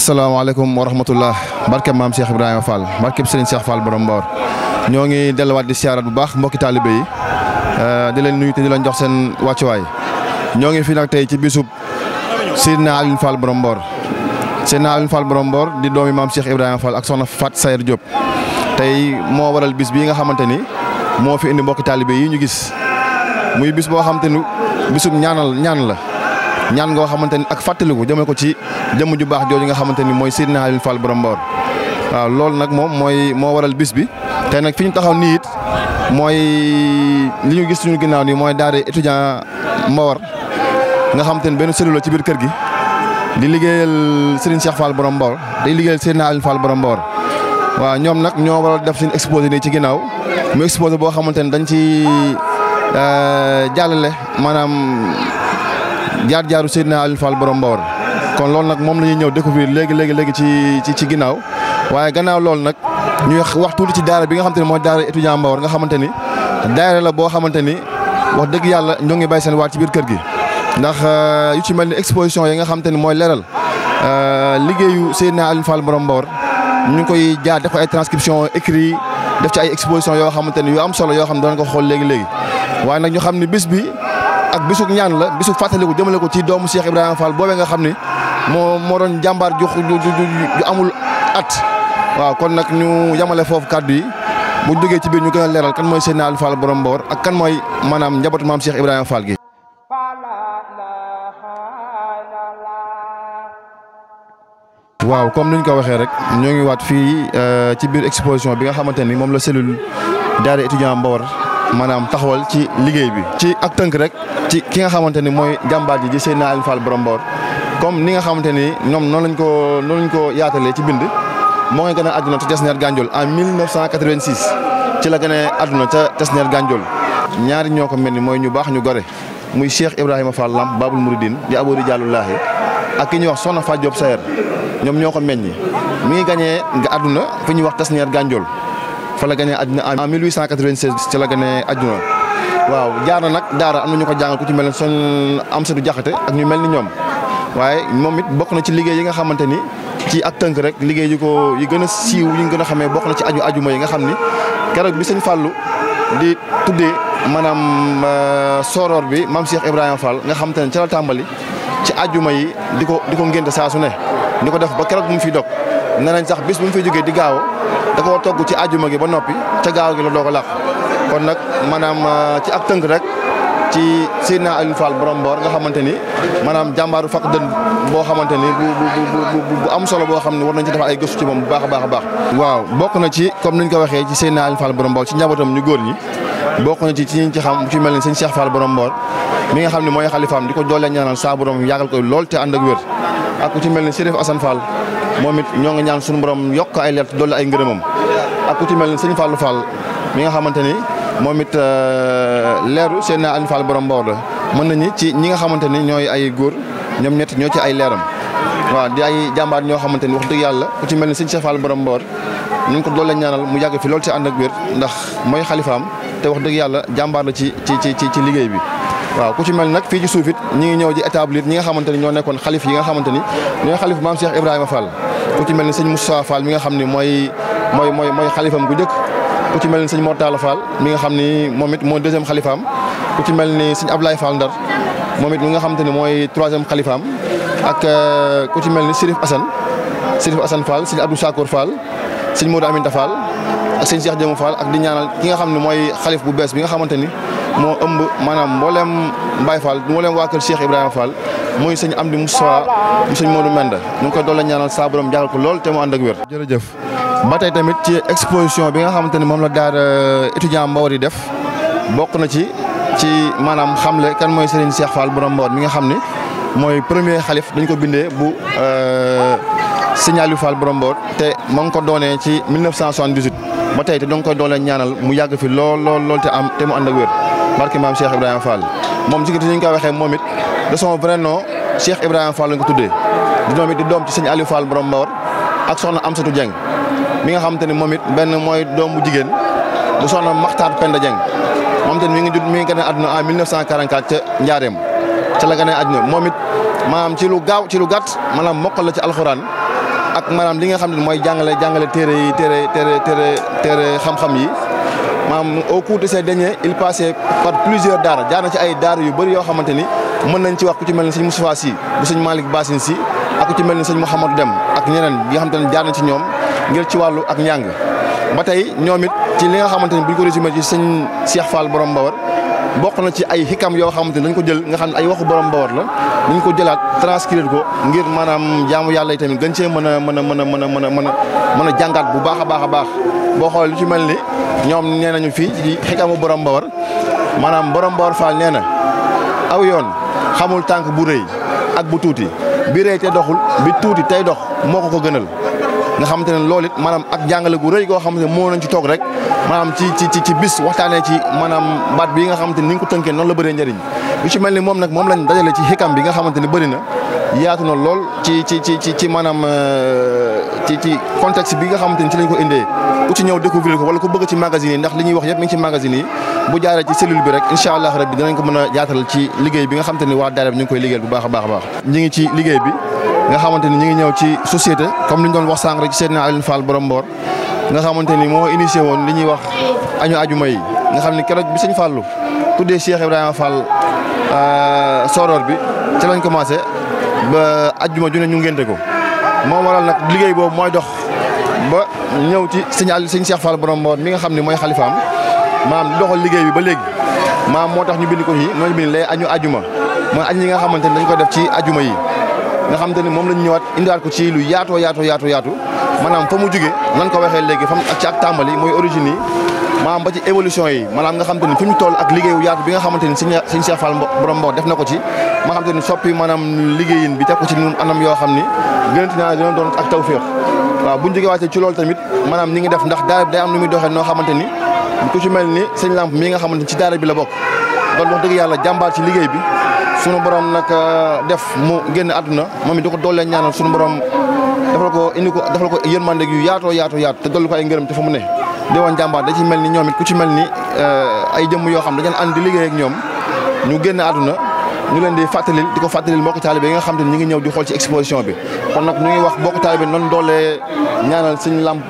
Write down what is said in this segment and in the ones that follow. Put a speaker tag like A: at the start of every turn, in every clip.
A: asalaamaaleykum wa rahmatullah barkeb maam Cheikh Ibrahima Fall barkeb Serigne Cheikh Fall borom Mbawar ñoo ngi delluwaat di siyaaraat bu baax mbokki taalibe yi euh, di leen nuyu te di leen jox seen wàccuwaay ñoo ngi fi nag tey ci bisub Seydina Alioune Fall borom Mbawar Seydina Alioune Fall borom Mbawar di doomi maam Cheikh Ibrahima Fall ak soxna Fat Sayer Diop tey moo waral bis bii nga xamante ni moo fi indi mbokki taalibe yi ñu gis muy bis boo xamante ni bisub ñaanal ñaan la. ñaan goo xamante ni ak fàttaliku jëmee ko ci jëmm ju baax jooju nga xamante ni mooy Seydina Alioune Fall borom Mbawar waaw loolu nag moom mooy moo waral bis bi tey nag fi ñu taxaw nii mooy li ñu gis suñu ginnaaw nii mooy daara étudiant Mbawar nga xamante ni benn cellule ci biir kër gi di liggéeyal Serigne Cheikh Fall borom Mbawar di liggéeyal Seydina Alioune borom Mbawar waaw ñoom nag ñoo waral def suñu exposé nii ci ginnaaw mu exposé boo xamante ni dañ ci euh, jàllale maanaam. jaar-jaaru Seydina Aliou Fall borom Mbawar kon loolu nag moom la ñuy ñëw découvrir léegi léegi léegi ci ci ginnaaw waaye gannaaw loolu nag ñuy wax tuuti ci daara bi nga xamante ne mooy daara étudiant Mbawar nga xamante ni daara la boo xamante ni wax dëgg yàlla ñoo ngi bay seen waat ci biir kër gi. ndax euh, yu ci mel ni exposition yi nga xamante ni mooy leeral euh, liggéeyu Seydina Aliou Fall borom Mbawar ñu koy jaar def ko ay transcription écrit def ci ay exposition yoo xamante ni yu am solo yoo xam ne danañ ko xool léegi léegi ak bisug ñaan la bisug fàttaliku jëmale ko ci doomu Cheikh Ibrahima Fall boobee nga xam ni moo moo doon jàmbaar ju amul at. waaw kon nag ñu yamale foofu kàddu yi bu jógee ci biir ñu gën a leeral kan mooy Seydina Aliou borom Mbawar ak kan mooy maanaam njabootu maam Cheikh Ibrahima Fall gi. waaw comme ni ñu waxee rek ñoo ngi waat fii euh, ci biir exposition bi nga xamante ni moom la cellule daara étudiant Mbawar. maanaam taxawal ci liggéey bi ci ak tënk rek ci ki nga xamante ni mooy jàmbaar ji di Seydina Alioune Fall Borom Mbaor comme ni nga xamante ni ñoom noonu lañ ko noonu lañ ko yaatalee ci bind moo ngi gën a àdduna ca Tesner Gandiol en 1986 ci la gën a àdduna ca Tesner Gandiol ñaari ñoo ko mel ni mooy ñu baax ñu gore muy Cheikh Ibrahima Fall Lamp Babul Mouridine di Abou Rijaalullaahi ak ki ñuy wax Soxna Faat Diop Sayer ñoom ñoo ko meññi mi ngi gagné nga àdduna fi ñuy wax Tesner Gandiol fa la gane àddina en 1896 ci la gane àddina waaw jaar na nag daara am na ñu ko jàngal ku ci mel ne son Amsatu Jaxate ak ñu mel ni ñoom waaye moom it bokk na ci liggéey yi nga xamante ni ci ak tënk rek liggéey yi ko yi gën a siiw yi nga gën a xamee bokk na ci aju ajuma yi nga xam ni keroog bi sëñ Fallou di tuddee maanaam euh, soroor bi maam Cheikh Ibrahima Fall nga xamante ne ca la tàmbali ci ajuma yi di ko di ko ngénte saa su ne di ko def ba keroog bu mu fi dog nee nañ sax bis bu mu fiy jógee di gaaw da koo togg ci àjjuma gi ba noppi ca gaaw gi la doo ko làq kon nag maanaam euh, ci ak tënk rek ci Seydina Alioune Fall borom Mbaor nga xamante ni maanaam jàmbaaru faq dën boo xamante ni bu bu bu xam ne war nañ ci defal ay gëstu ci bu baax a baax waaw bokk na ci comme niñ ko waxee ci Seydina Alioune Fall borom Mbaor ci njabootam ñu góor ñi bokk na ci ci mel ni sëñ Cheikh borom Mbaor mi nga xam ne mooy xalifaam di ko doolee ñaanal saa borom yàggal ko lool te ànd ak wér ak ku ci mel ni Chérif Assane Fall moom it ñoo ngi ñaan suñu borom yokk ay leer dolli ay ngërëmam ak ku ci mel ni sëñ Fallou Fall mi nga xamante ni moom it euh, leeru seen Aliou Fall borom mboor la mën nañu ci ñi nga xamante ni ñooy ay góor ñoom ñett ñoo ci ay leeram waa di ay jàmbaar ñoo xamante ni wax dëgg ku ci mel ni sëñ Cheikh borom mboor ñu ngi ko loolu ñaanal mu yàgg fi loolu ci ànd ak wér ndax mooy xalifaam te wax dëgg yàlla jàmbaar la ci ci ci ci liggéey bi. waa ku ci mel nag fii ci suuf it ñi ngi ñëw di établir ñi nga xamante ni ñoo nekkoon xalif yi nga xamante ni ñooy xalif maam Cheikh Ibrahima Fall ku ci mel ni sëñ Moussa Fall nga xam ni mooy mooy mooy mooy xalifam gu njëkk ku ci mel ni sëñ Mortala Fall mi nga xam ni moom it mooy deuxième xalifaam ku ci mel ni sëñ Ablaye Fall Ndar moom it mi nga xam te ne mooy troisième xalifaam ak ku ci mel ni Sirif Assane Sirif Assane Fall sëñ Abdou Sakour Fall sëñ Modou Aminta Fall ak sëñ Cheikh Jëmu Fall ak di ñaanal ki nga xam ne mooy xalif bu bees bi nga xamante ni moo ëmb maanaam mboolem Mbaye Fall mboolem waa kër Cheikh Ibrahima Fall mooy sëñ am Moussa mu sëñ Modou Mende ñu ngi koy doole ñaanal saa borom ko lool te mu ànd ak wér. jërëjëf. ba tey tamit ci exposition bi nga xamante ni moom la daar euh, étudiant Mbawar yi def bokk na ci ci maanaam xamle kan mooy Serigne Cheikh Fall borom Mbawar mi nga xam ni mooy premier xalif dañ ko bindee bu euh, Signaliou Fall borom Mbawar te ma ngi ko doonee ci 1978 ba tey te danga koy doole ñaanal mu yàgg fi lool lool lool te am te mu ànd ak wér barke maam Cheikh Ibrahima Fall moom ci ñu koy waxee moomit it de son vrai nom Cheikh Ibrahima Fall lañ ko tuddee di doom it di doom ci sëñ Aliou Fall borom Mbawar ak soxna Amsatou Dieng mi nga xamante ni moom it benn mooy doom bu jigéen bu soxna Maxtaar Penda Dieng moom tamit mi ngi judd mi ngi gane àdduna en 1944 ca Njaareem ca la gane àdduna moom it maanaam ci lu gaaw ci lu gàtt maanaam mokkal la ci alxuraan ak maanaam li nga xam ne mooy jàngale jàngale téere yi téere téere téere téere xam-xam yi maanaam au cours de ces derniers il passait par plusieurs daara jaar na ci ay daar yu bëri yoo xamante ni mën nañ ci wax ku ci mel ni sëñ Moustapha Sy bu sëñ Malick Bassine Sy ak ku ci mel ni sëñ Mouhamadou Dem ak ñeneen yi nga xamante ne jaar ci ñoom ngir ci wàllu ak njàng ba tey ñoom it ci li nga xamante ni bu ñu ko résumé ci sëñ Cheikh borom Mbawar bokk na ci ay xikam yoo xamante dañ ko jël nga xam ne ay waxu borom Mbawar la dañ ko jëlaat transcrire ko ngir maanaam jaamu yàlla yi tamit gën cee mën a mën a mën a mën a mën a mën a mën a jàngaat bu baax a baax a baax boo xoolee lu ci mel ni ñoom nee nañu fii ci xikamu borom Mbawar maanaam borom Mbawar Fall nee na aw yoon xamul tànk bu rëy ak bu tuuti bi rëy te doxul bi tuuti tey dox moo ko ko gënal nga xamante ne loolu it maanaam ak jàngale gu rëy goo xamante ne moo nañ ci toog rek maanaam ci ci ci bis waxtaanee ci maanaam baat bi nga xamante ni ni nga ko tënkee noonu la bëree njëriñ lu ci mel ni moom nag moom lañ dajale ci xikam bi nga xamante ne bëri na yaatu na lool ci ci ci ci ci maanaam euh, ci ci contexte bi nga xamante ni ci lañ ko indee ku ci ñëw découvrir ko wala ku bëgg ci magazine yi ndax li ñu wax yëpp mi ngi ci magasin yi bu jaaree ci cellule bi rek incha allah rabbi dinañ ko mën a jaatal ci liggéey bi nga xamante ne waa daara ñu ngi koy liggéeyal bu baax a baax a ngi ci liggéey bi nga xamante ni ñu ngi ñëw ci société comme li ñu doon wax sànq rek ci Seydina Alioune Fall borom nga xamante ni moo initié woon li ñuy wax añu ajuma yi nga xam ni keroog bi sëñ Fallou tuddee Cheikh Ibrahima Fall euh, soror bi ci lañ commencé ba ajuma ju ne ñu ngénte ko moo waral nag liggéey boobu mooy dox ba ñëw ci sëñ Aliou sëñ Cheikh borom Mbor mi nga xam ni mooy xalifaam maam doxal liggéey bi ba léegi maam moo tax ñu bindi ko nii noonu bind lay añu ajuma mooy añ yi nga xamante ni dañ ko def ci ajuma yi nga xam te ni moom lañ ñëwaat indiwaat ko ci lu yaatoo yaatoo yaatu yaatu maanaam fa mu jóge nan ko waxee léegi fam ak ci ak tàmbali mooy origine yi maanaam ba ci évolution yi maanaam nga xam te ni fi mu toll ak bi nga xamante ni sëñ sëñ Cheikh Fall borom ko ci ma xam te ni soppi maanaam liggéeyin bi teg ko ci ñun anam yoo xam ni gënati naa dina doon ak tawféex waaw buñ jóge waatee ci loolu tamit maanaam ñi ngi def ndax daara bi day am nu muy doxee noo xamante ni ku ci mel ni sëñ Lamp mii nga xamante ni ci daara bi la bokk kon wax dëgg yàlla jàmbaar ci liggéey bi sunu borom nag euh, def mu génn àdduna moom it di ko doolee ñaanal sunu borom defal ko indi ko defal ko yërmande yu yaatoo yaatoo yaat te dolli ko ngërëm te fu mu ne. di woon jàmbaar da ci mel ni ñoom it ku ci mel ni euh, ay jëmm yoo xam dañu ànd di liggéey ak ñoom ñu génn àdduna ñu leen di fàttalil di ko fàttalil mbokki taalibe yi nga xam te ñu ngi ñëw di xool ci exposition bi. kon nag ñu ngi wax mbokki taalibe noonu doolee ñaanal suñu làmp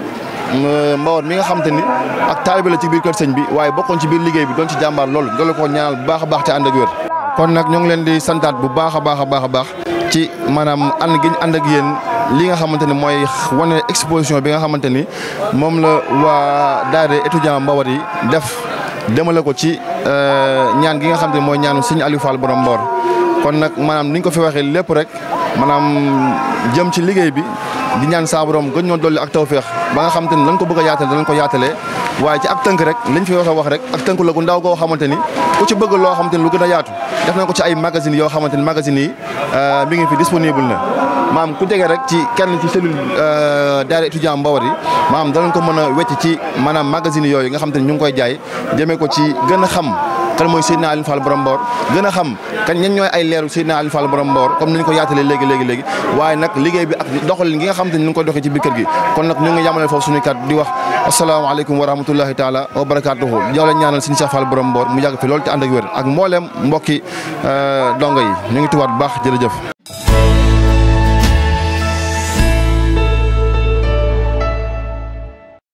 A: Mbawar mi nga xam ni ak taalibe la ci biir kër sëñ bi waaye bokkoon ci biir liggéey bi doon ci jàmbaar loolu doole ko ñaanal bu baax a baax te ànd a wér kon nag ñoo ngi leen di santaat bu baax a baax a baax a baax ci maanaam ànd gi ñu ànd ak yéen li nga xamante ni mooy wane exposition bi nga xamante ni moom la waa daara étudiant Mbawar def demale ko ci euh, ñaan gi nga xam ne mooy ñaanu Sëñ Aliou Fall borom Mbawar kon nag maanaam niñ ko fi waxee lépp rek maanaam jëm ci liggéey bi. di ñaan saa borom gën ñoo dolli ak tawféex ba nga xam te ni lañ ko bëgg a yaatale danañ ko yaatalee waaye ci ak tënk rek liñ fi wax a wax rek ak tënk la gu ndaw goo xamante ni ku ci bëgg loo xamante ni lu gën a yaatu def nañ ko ci ay magazine yoo xamante ni magazine yi euh, mi ngi fi disponible na maam ku jege rek ci kenn ci cellule euh, daara étudiant Mbawar yi maam danañ ko mën a wecc ci maanaam magazine yooyu nga xam te ni ñu ngi koy jaay jëmee ko ci gën a xam kan mooy Seydina Alioune Fall borom Mbor gën a xam kan ñan ñooy ay leeru Seydina Alioune Fall borom Mbor comme niñ ko yaatalee léegi léegi léegi waaye nag liggéey bi ak doxalin gi nga xam te ni ñu ngi koy doxee ci biir kër gi kon nag ñu ngi yamale foofu suñu kat di wax asalaamaaleykum wa rahmatullahi taala wa barakatuhu yow la ñaanal Serigne Cheikh Fall borom Mbor mu yàgg fi loolu te ànd ak ak mbooleem mbokki euh, dongo yi ñu ngi tubaat baax jëf